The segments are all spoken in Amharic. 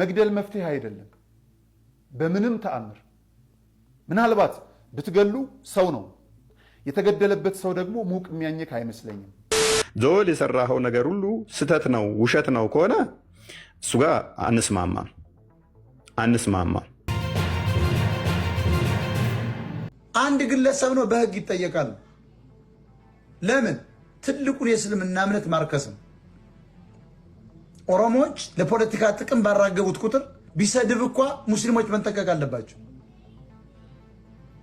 መግደል መፍትሄ አይደለም በምንም ተአምር። ምናልባት ብትገሉ ሰው ነው የተገደለበት ሰው ደግሞ ሙቅ የሚያኝክ አይመስለኝም። ዞል የሰራኸው ነገር ሁሉ ስተት ነው ውሸት ነው ከሆነ እሱ ጋር አንስማማ አንስማማ። አንድ ግለሰብ ነው በህግ ይጠየቃል። ለምን ትልቁን የእስልምና እምነት ማርከስም ኦሮሞዎች ለፖለቲካ ጥቅም ባራገቡት ቁጥር ቢሰድብ እኳ ሙስሊሞች መንጠቀቅ አለባቸው።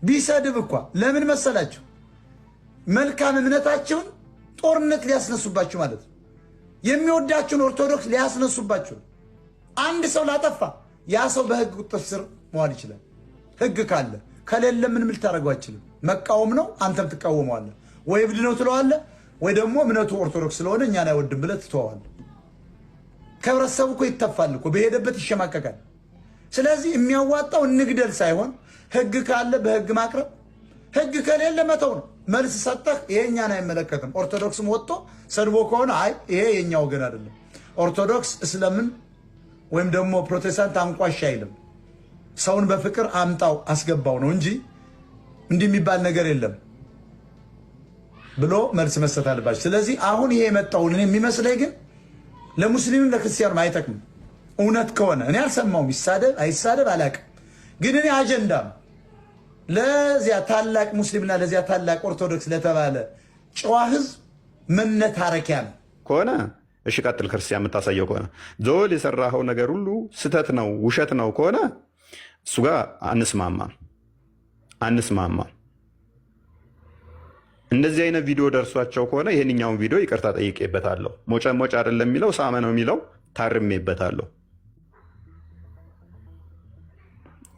ቢሰድብ እኳ ለምን መሰላቸው? መልካም እምነታቸውን ጦርነት ሊያስነሱባቸው ማለት ነው። የሚወዳቸውን ኦርቶዶክስ ሊያስነሱባቸው። አንድ ሰው ላጠፋ ያ ሰው በህግ ቁጥጥር ስር መዋል ይችላል። ህግ ካለ ከሌለ ምን ምል ታደረጉ አይችልም። መቃወም ነው። አንተም ትቃወመዋለህ ወይ እብድ ነው ትለዋለህ፣ ወይ ደግሞ እምነቱ ኦርቶዶክስ ስለሆነ እኛን አይወድም ብለህ ትተዋዋለህ። ከህብረተሰቡ እኮ ይተፋል እኮ በሄደበት ይሸማቀቃል። ስለዚህ የሚያዋጣው እንግደል ሳይሆን ህግ ካለ በህግ ማቅረብ፣ ህግ ከሌለ መተው ነው። መልስ ሰጠህ፣ ይሄ እኛን አይመለከትም። ኦርቶዶክስም ወጥቶ ሰድቦ ከሆነ አይ ይሄ የኛ ወገን አይደለም፣ ኦርቶዶክስ እስለምን ወይም ደግሞ ፕሮቴስታንት አንቋሽ አይልም። ሰውን በፍቅር አምጣው አስገባው ነው እንጂ እንዲህ የሚባል ነገር የለም ብሎ መልስ መስጠት አለባቸው። ስለዚህ አሁን ይሄ የመጣውን እኔ የሚመስለኝ ግን ለሙስሊምም ለክርስቲያኑም አይጠቅም እውነት ከሆነ እኔ አልሰማውም። ይሳደብ አይሳደብ አላቅም ግን እኔ አጀንዳም ለዚያ ታላቅ ሙስሊምና ለዚያ ታላቅ ኦርቶዶክስ ለተባለ ጨዋ ህዝብ መነታረኪያ ነው ከሆነ እሺ ቀጥል። ክርስቲያን የምታሳየው ከሆነ ዞል የሰራኸው ነገር ሁሉ ስተት ነው ውሸት ነው ከሆነ እሱ ጋር አንስማማ አንስማማ እንደዚህ አይነት ቪዲዮ ደርሷቸው ከሆነ ይህንኛውን ቪዲዮ ይቅርታ ጠይቄበታለሁ። ሞጨ ሞጭ አይደለም የሚለው ሳመ ነው የሚለው ታርሜበታለሁ።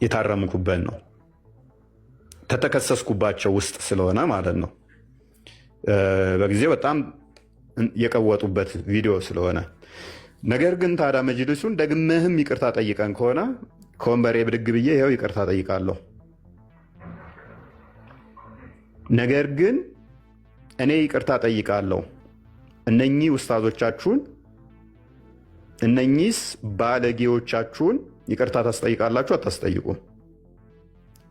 የታረምኩበት ነው ተተከሰስኩባቸው ውስጥ ስለሆነ ማለት ነው። በጊዜው በጣም የቀወጡበት ቪዲዮ ስለሆነ ነገር ግን ታዲያ መጅልሱን ደግመህም ይቅርታ ጠይቀን ከሆነ ከወንበሬ ብድግ ብዬ ይኸው ይቅርታ ጠይቃለሁ። ነገር ግን እኔ ይቅርታ ጠይቃለሁ። እነኚህ ውስታዞቻችሁን እነኚህስ ባለጌዎቻችሁን ይቅርታ ታስጠይቃላችሁ አታስጠይቁም?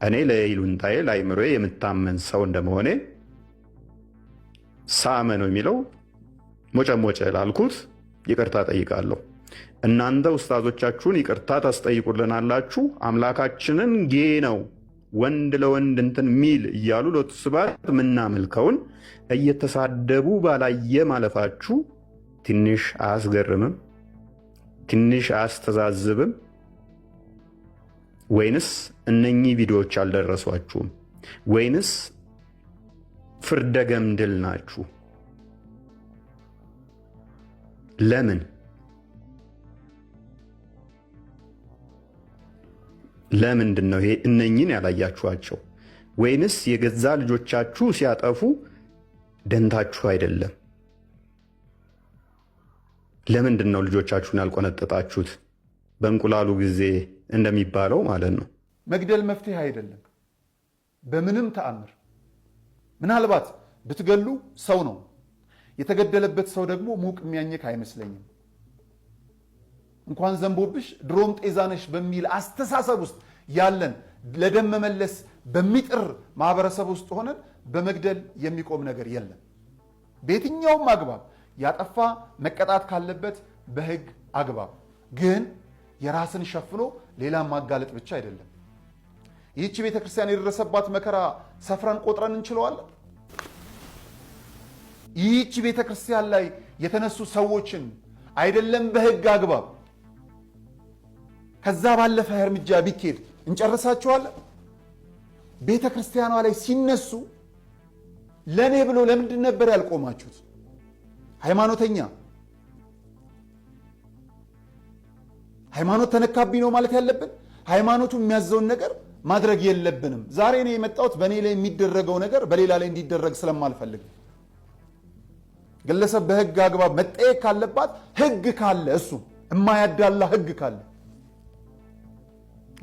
እኔ ለይሉንታዬ ለአይምሮዬ የምታመን ሰው እንደመሆኔ ሳመ ነው የሚለው ሞጨሞጨ ላልኩት ይቅርታ ጠይቃለሁ። እናንተ ውስታዞቻችሁን ይቅርታ ታስጠይቁልናላችሁ? አምላካችንን ጌ ነው ወንድ ለወንድ እንትን ሚል እያሉ ሎቱ ስብሐት የምናመልከውን እየተሳደቡ ባላየ ማለፋችሁ ትንሽ አያስገርምም? ትንሽ አያስተዛዝብም? ወይንስ እነኚህ ቪዲዮዎች አልደረሷችሁም? ወይንስ ፍርደ ገምድል ናችሁ? ለምን ለምንድን ነው ይሄ እነኝን ያላያችኋቸው? ወይንስ የገዛ ልጆቻችሁ ሲያጠፉ ደንታችሁ አይደለም? ለምንድን ነው ልጆቻችሁን ያልቆነጠጣችሁት? በእንቁላሉ ጊዜ እንደሚባለው ማለት ነው። መግደል መፍትሄ አይደለም በምንም ተአምር። ምናልባት ብትገሉ ሰው ነው የተገደለበት ሰው ደግሞ ሙቅ የሚያኘክ አይመስለኝም። እንኳን ዘንቦብሽ ድሮም ጤዛነሽ በሚል አስተሳሰብ ውስጥ ያለን ለደም መመለስ በሚጥር ማህበረሰብ ውስጥ ሆነን በመግደል የሚቆም ነገር የለም። በየትኛውም አግባብ ያጠፋ መቀጣት ካለበት በህግ አግባብ፣ ግን የራስን ሸፍኖ ሌላም ማጋለጥ ብቻ አይደለም። ይህቺ ቤተ ክርስቲያን የደረሰባት መከራ ሰፍረን ቆጥረን እንችለዋለን? ይህቺ ቤተ ክርስቲያን ላይ የተነሱ ሰዎችን አይደለም በህግ አግባብ ከዛ ባለፈ እርምጃ ቢኬድ እንጨርሳችኋለን። ቤተ ክርስቲያኗ ላይ ሲነሱ ለእኔ ብሎ ለምንድን ነበር ያልቆማችሁት? ሃይማኖተኛ ሃይማኖት ተነካቢ ነው ማለት ያለብን። ሃይማኖቱ የሚያዘውን ነገር ማድረግ የለብንም። ዛሬ ነው የመጣሁት በእኔ ላይ የሚደረገው ነገር በሌላ ላይ እንዲደረግ ስለማልፈልግ ግለሰብ በህግ አግባብ መጠየቅ ካለባት ህግ ካለ እሱ የማያዳላ ህግ ካለ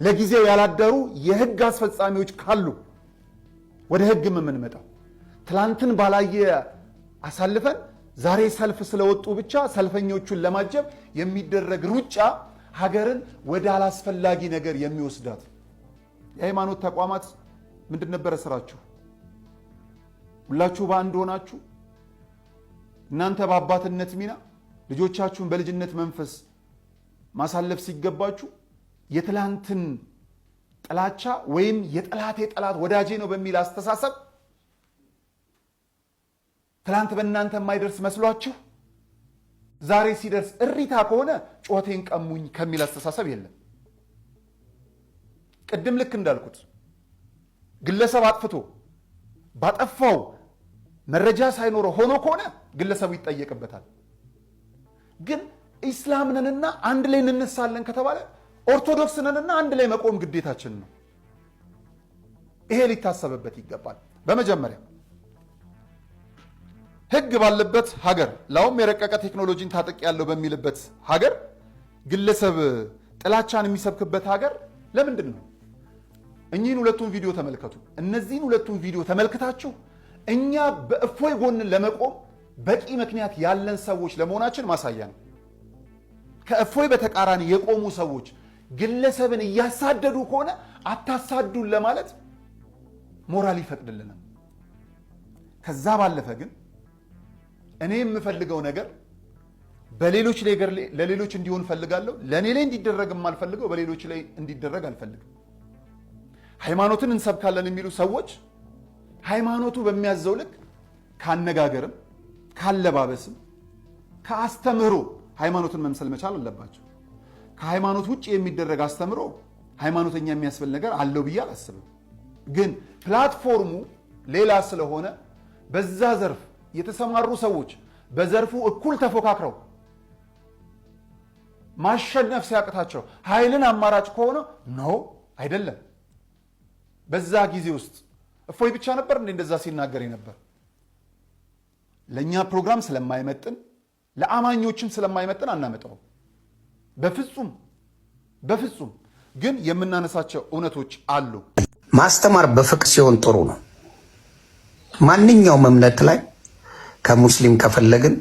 ለጊዜው ያላደሩ የህግ አስፈጻሚዎች ካሉ ወደ ህግም የምንመጣው ትላንትን ባላየ አሳልፈን ዛሬ ሰልፍ ስለወጡ ብቻ ሰልፈኞቹን ለማጀብ የሚደረግ ሩጫ ሀገርን ወደ አላስፈላጊ ነገር የሚወስዳት። የሃይማኖት ተቋማት ምንድን ነበረ ስራችሁ? ሁላችሁ በአንድ ሆናችሁ እናንተ በአባትነት ሚና ልጆቻችሁን በልጅነት መንፈስ ማሳለፍ ሲገባችሁ የትላንትን ጥላቻ ወይም የጠላቴ ጠላት ወዳጄ ነው በሚል አስተሳሰብ ትላንት በእናንተ የማይደርስ መስሏችሁ ዛሬ ሲደርስ እሪታ ከሆነ ጮቴን ቀሙኝ ከሚል አስተሳሰብ የለም። ቅድም ልክ እንዳልኩት ግለሰብ አጥፍቶ ባጠፋው መረጃ ሳይኖረው ሆኖ ከሆነ ግለሰቡ ይጠየቅበታል። ግን ኢስላም ነንና አንድ ላይ እንነሳለን ከተባለ ኦርቶዶክስ ነንና አንድ ላይ መቆም ግዴታችን ነው። ይሄ ሊታሰብበት ይገባል። በመጀመሪያ ህግ ባለበት ሀገር ላውም የረቀቀ ቴክኖሎጂን ታጠቅ ያለው በሚልበት ሀገር ግለሰብ ጥላቻን የሚሰብክበት ሀገር ለምንድን ነው? እኚህን ሁለቱን ቪዲዮ ተመልከቱ። እነዚህን ሁለቱን ቪዲዮ ተመልክታችሁ እኛ በእፎይ ጎን ለመቆም በቂ ምክንያት ያለን ሰዎች ለመሆናችን ማሳያ ነው። ከእፎይ በተቃራኒ የቆሙ ሰዎች ግለሰብን እያሳደዱ ከሆነ አታሳዱን ለማለት ሞራል ይፈቅድልንም። ከዛ ባለፈ ግን እኔ የምፈልገው ነገር በሌሎች ለሌሎች እንዲሆን ፈልጋለሁ። ለእኔ ላይ እንዲደረግ የማልፈልገው በሌሎች ላይ እንዲደረግ አልፈልግም። ሃይማኖትን እንሰብካለን የሚሉ ሰዎች ሃይማኖቱ በሚያዘው ልክ ካነጋገርም ካለባበስም ከአስተምህሮ ሃይማኖትን መምሰል መቻል አለባቸው። ከሃይማኖት ውጭ የሚደረግ አስተምሮ ሃይማኖተኛ የሚያስብል ነገር አለው ብዬ አላስብም። ግን ፕላትፎርሙ ሌላ ስለሆነ በዛ ዘርፍ የተሰማሩ ሰዎች በዘርፉ እኩል ተፎካክረው ማሸነፍ ሲያቅታቸው ኃይልን አማራጭ ከሆነ ነው አይደለም። በዛ ጊዜ ውስጥ እፎይ ብቻ ነበር እንደ እንደዛ ሲናገር ነበር? ለእኛ ፕሮግራም ስለማይመጥን ለአማኞችም ስለማይመጥን አናመጣውም። በፍጹም በፍጹም። ግን የምናነሳቸው እውነቶች አሉ። ማስተማር በፍቅር ሲሆን ጥሩ ነው። ማንኛውም እምነት ላይ ከሙስሊም ከፈለግን፣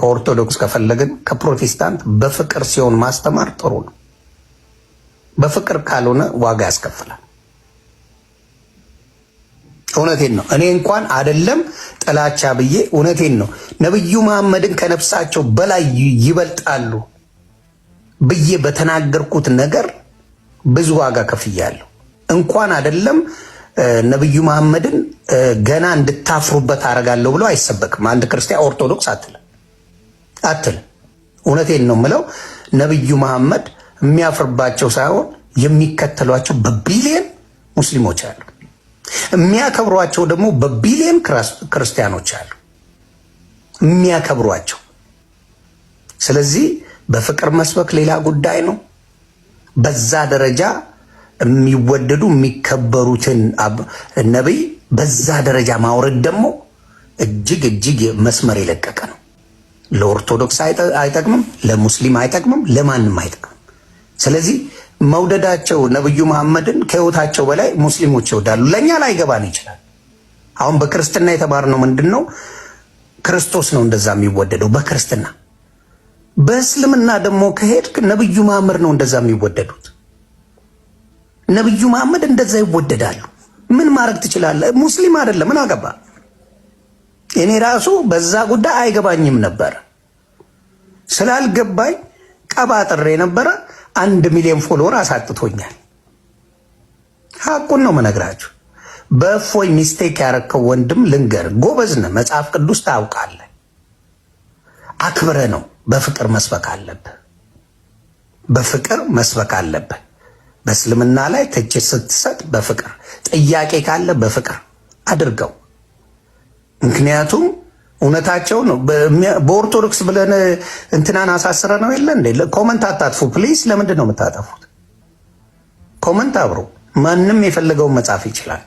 ከኦርቶዶክስ ከፈለግን፣ ከፕሮቴስታንት በፍቅር ሲሆን ማስተማር ጥሩ ነው። በፍቅር ካልሆነ ዋጋ ያስከፍላል። እውነቴን ነው። እኔ እንኳን አደለም ጥላቻ ብዬ እውነቴን ነው። ነብዩ መሐመድን ከነፍሳቸው በላይ ይበልጣሉ ብዬ በተናገርኩት ነገር ብዙ ዋጋ ከፍያለሁ። እንኳን አይደለም ነብዩ መሐመድን ገና እንድታፍሩበት አደርጋለሁ ብሎ አይሰበክም። አንድ ክርስቲያን ኦርቶዶክስ አትል አትል። እውነቴን ነው የምለው። ነብዩ መሐመድ የሚያፍርባቸው ሳይሆን የሚከተሏቸው በቢሊየን ሙስሊሞች አሉ። የሚያከብሯቸው ደግሞ በቢሊየን ክርስቲያኖች አሉ የሚያከብሯቸው። ስለዚህ በፍቅር መስበክ ሌላ ጉዳይ ነው። በዛ ደረጃ የሚወደዱ የሚከበሩትን ነቢይ በዛ ደረጃ ማውረድ ደግሞ እጅግ እጅግ መስመር የለቀቀ ነው። ለኦርቶዶክስ አይጠቅምም፣ ለሙስሊም አይጠቅምም፣ ለማንም አይጠቅምም። ስለዚህ መውደዳቸው ነብዩ መሐመድን ከህይወታቸው በላይ ሙስሊሞች ይወዳሉ። ለእኛ ላይገባን ይችላል። አሁን በክርስትና የተማርነው ምንድን ነው? ክርስቶስ ነው እንደዛ የሚወደደው በክርስትና በእስልምና ደግሞ ከሄድክ ነብዩ መሐመድ ነው እንደዛ የሚወደዱት። ነብዩ መሐመድ እንደዛ ይወደዳሉ። ምን ማድረግ ትችላለህ? ሙስሊም አይደለም ምን አገባ? እኔ ራሱ በዛ ጉዳይ አይገባኝም ነበር። ስላልገባኝ ቀባጥሬ የነበረ አንድ ሚሊዮን ፎሎወር አሳጥቶኛል። ሐቁን ነው መነግራችሁ። በእፎይ ሚስቴክ ያረከው ወንድም ልንገር፣ ጎበዝ ነህ፣ መጽሐፍ ቅዱስ ታውቃለህ፣ አክብረ ነው በፍቅር መስበክ አለብህ። በፍቅር መስበክ አለብህ። በእስልምና ላይ ትችት ስትሰጥ በፍቅር ጥያቄ ካለ በፍቅር አድርገው። ምክንያቱም እውነታቸው ነው። በኦርቶዶክስ ብለን እንትናን አሳስረ ነው የለ እንዴ? ኮመንት አታጥፉ ፕሊስ። ለምንድን ነው የምታጠፉት ኮመንት? አብሮ ማንም የፈለገውን መጻፍ ይችላል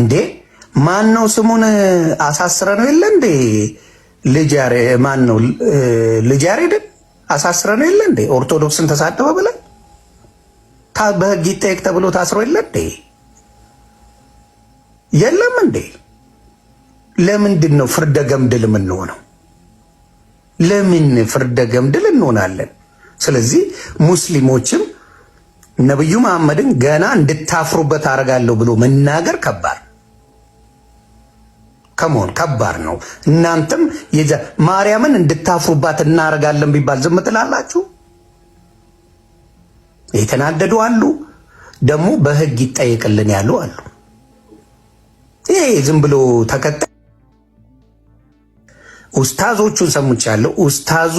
እንዴ? ማን ነው ስሙን አሳስረ ነው የለ እንዴ? ልጅ ማን ነው? ልጅ አሳስረን የለ እንዴ? ኦርቶዶክስን ተሳደበ ብለን በህግ ይጠየቅ ተብሎ ታስሮ የለ እንዴ? የለም እንዴ? ለምንድን ነው ፍርደ ገምድል የምንሆነው? ለምን ፍርደ ገምድል እንሆናለን? ስለዚህ ሙስሊሞችም ነቢዩ መሐመድን ገና እንድታፍሩበት አደርጋለሁ ብሎ መናገር ከባድ ከመሆን ከባድ ነው። እናንተም ማርያምን እንድታፍሩባት እናደርጋለን ቢባል ዝም ትላላችሁ። የተናደዱ አሉ፣ ደግሞ በህግ ይጠየቅልን ያሉ አሉ። ይሄ ዝም ብሎ ተከታይ ኡስታዞቹን ሰምቻለሁ። ኡስታዙ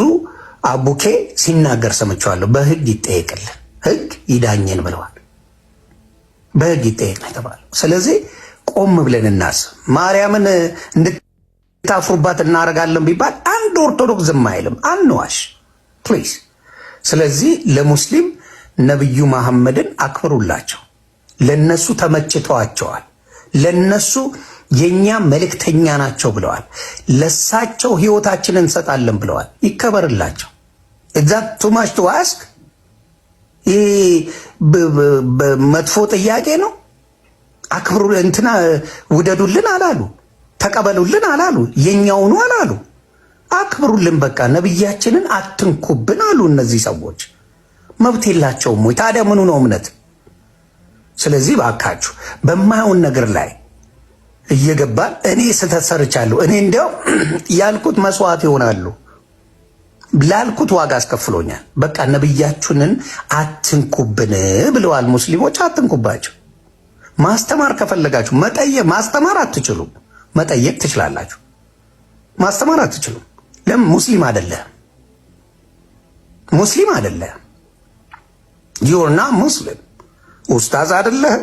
አቡኬ ሲናገር ሰምቻለሁ። በህግ ይጠየቅልን፣ ህግ ይዳኘን ብለዋል። በህግ ይጠየቅ ነው የተባለው። ስለዚህ ቆም ብለን እናስብ። ማርያምን እንድታፍሩባት እናደርጋለን ቢባል አንድ ኦርቶዶክስ ዝም አይልም። አንዋሽ ፕሊዝ። ስለዚህ ለሙስሊም ነቢዩ መሐመድን አክብሩላቸው። ለነሱ ተመችተዋቸዋል። ለነሱ የኛ መልእክተኛ ናቸው ብለዋል። ለሳቸው ህይወታችንን እንሰጣለን ብለዋል። ይከበርላቸው። ኤግዛክት ቱማሽ ቱ አስክ ይህ መጥፎ ጥያቄ ነው። አክብሩ እንትና ውደዱልን አላሉ፣ ተቀበሉልን አላሉ፣ የኛውኑ አላሉ። አክብሩልን በቃ ነብያችንን አትንኩብን አሉ። እነዚህ ሰዎች መብት የላቸውም ወይ ታዲያ? ምኑ ነው እምነት? ስለዚህ ባካችሁ በማይሆን ነገር ላይ እየገባን እኔ ስህተት ሰርቻለሁ፣ እኔ እንዲያው ያልኩት መስዋዕት ይሆናሉ ላልኩት ዋጋ አስከፍሎኛል። በቃ ነብያችንን አትንኩብን ብለዋል ሙስሊሞች፣ አትንኩባቸው። ማስተማር ከፈለጋችሁ መጠየቅ ማስተማር አትችሉም። መጠየቅ ትችላላችሁ። ማስተማር አትችሉም። ለምን? ሙስሊም አይደለህ ሙስሊም አይደለህ ዩርና ሙስሊም ኡስታዝ አይደለህ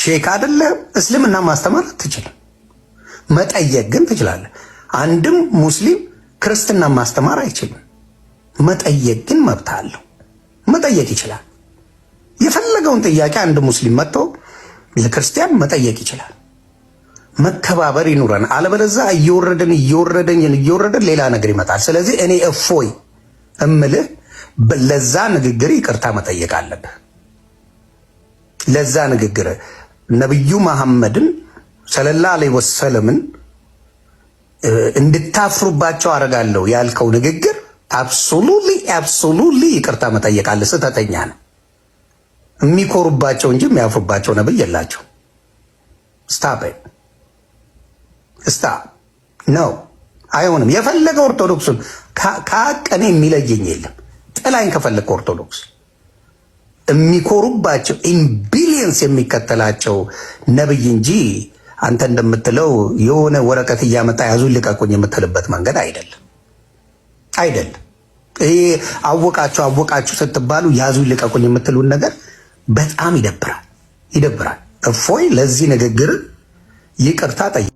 ሼክ አይደለህ እስልምና ማስተማር አትችልም። መጠየቅ ግን ትችላለህ። አንድም ሙስሊም ክርስትና ማስተማር አይችልም። መጠየቅ ግን መብት አለው። መጠየቅ ይችላል። የፈለገውን ጥያቄ አንድ ሙስሊም መጥቶ ለክርስቲያን መጠየቅ ይችላል። መከባበር ይኑረን። አለበለዛ እየወረደን እየወረደን እየወረደን ሌላ ነገር ይመጣል። ስለዚህ እኔ እፎይ እምልህ ለዛ ንግግር ይቅርታ መጠየቅ አለብህ። ለዛ ንግግር ነቢዩ መሐመድን ሰለላ ዐለይሂ ወሰለምን እንድታፍሩባቸው አደርጋለሁ ያልከው ንግግር አብሶሉትሊ አብሶሉትሊ ይቅርታ መጠየቅ አለ። ስህተተኛ ነው። የሚኮሩባቸው እንጂ የሚያፍሩባቸው ነብይ የላቸው። ስታፕ ስታ ነው። አይሆንም። የፈለገ ኦርቶዶክሱን ከአቀኔ የሚለየኝ የለም። ጥላኝ ከፈለገ ኦርቶዶክስ የሚኮሩባቸው ኢምቢሊየንስ የሚከተላቸው ነብይ እንጂ አንተ እንደምትለው የሆነ ወረቀት እያመጣ ያዙ ልቀቁኝ የምትልበት መንገድ አይደለም አይደለም። ይሄ አወቃችሁ አወቃችሁ ስትባሉ ያዙን ልቀቁኝ የምትሉን ነገር በጣም ይደብራል ይደብራል። እፎይ ለዚህ ንግግር ይቅርታ ጠይቅ